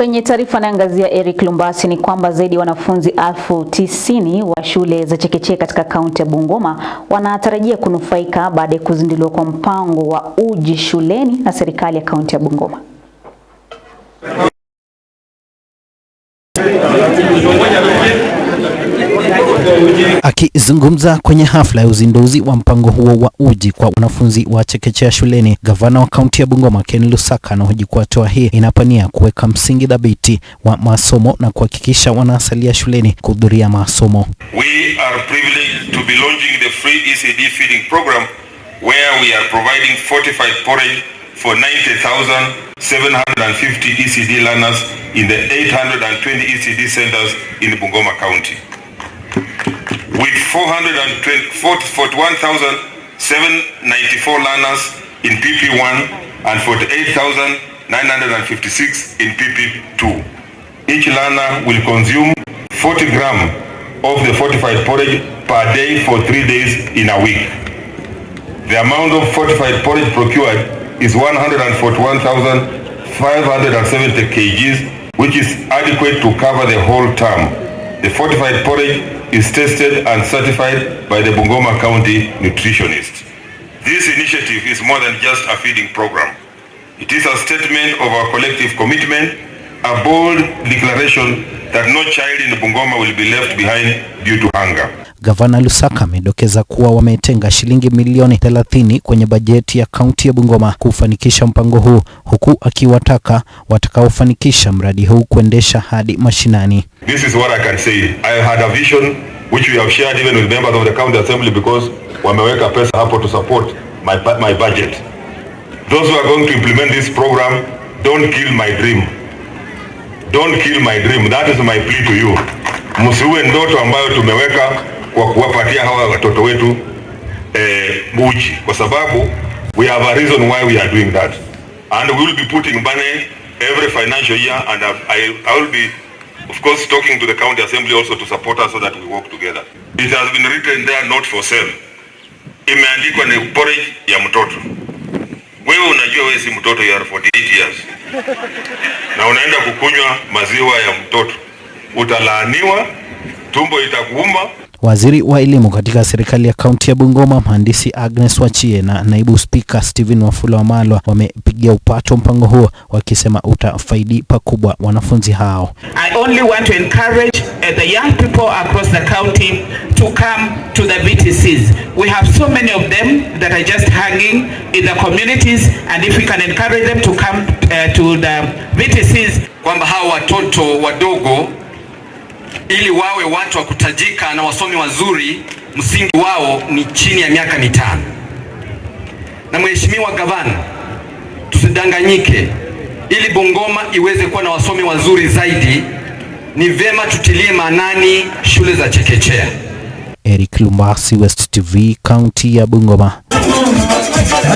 Kwenye taarifa anayoangazia Eric Lumbasi ni kwamba zaidi ya wanafunzi elfu tisini wa shule za chekechea katika kaunti ya Bungoma wanatarajia kunufaika baada ya kuzinduliwa kwa mpango wa Uji Shuleni na serikali ya kaunti ya Bungoma. Akizungumza kwenye hafla ya uzinduzi wa mpango huo wa uji kwa wanafunzi wa chekechea shuleni, gavana wa kaunti ya Bungoma Ken Lusaka anahoji kuwa hatua hii inapania kuweka msingi dhabiti wa masomo na kuhakikisha wanasalia shuleni kuhudhuria masomo. We are privileged to be launching the free ECD feeding program where we are providing fortified porridge for 90,750 ECD learners in the 820 ECD centers in Bungoma County with 441,794 learners in PP1 and 48,956 in PP2. Each learner will consume 40 grams of the fortified porridge per day for three days in a week. The amount of fortified porridge procured is 141,570 kgs, which is adequate to cover the whole term. The fortified porridge is tested and certified by the Bungoma County nutritionist. This initiative is more than just a feeding program. It is a statement of our collective commitment a bold declaration that no child in Bungoma will be left behind due to hunger. Gavana Lusaka amedokeza kuwa wametenga shilingi milioni 30 kwenye bajeti ya kaunti ya Bungoma kufanikisha mpango huu huku akiwataka watakaofanikisha mradi huu kuendesha hadi mashinani. This is what I can say. I had a vision which we have shared even with members of the county assembly because wameweka pesa hapo to support my, my budget. Those who are going to implement this program don't kill my dream. Don't kill my dream. That is my plea to you. Msiue ndoto ambayo tumeweka kwa kuwapatia hawa watoto wetu eh, uji kwa sababu we have a reason why we are doing that and we will be putting money every financial year and I, I will be of course talking to the county assembly also to support us so that we work together. It has been written there not for sale. Imeandikwa ni porridge ya mtoto. Wewe unajua wewe si mtoto, you are 48 years na unaenda kukunywa maziwa ya mtoto, utalaaniwa, tumbo itakuuma. Waziri wa elimu katika serikali ya kaunti ya Bungoma, mhandisi Agnes Wachie na naibu spika Stephen Wafula Wamalwa wamepigia upato mpango huo, wakisema utafaidi pakubwa wanafunzi hao. I only want to encourage uh, the young people across the county to come to the VTCs. We have so many of them that are just hanging in the communities and if we can encourage them to come uh, to the VTCs, kwamba hao watoto wadogo ili wawe watu wa kutajika na wasomi wazuri, msingi wao ni chini ya miaka mitano. Na mheshimiwa gavana, tusidanganyike, ili Bungoma iweze kuwa na wasomi wazuri zaidi, ni vyema tutilie maanani shule za chekechea. Eric Lumasi, West TV, kaunti ya Bungoma.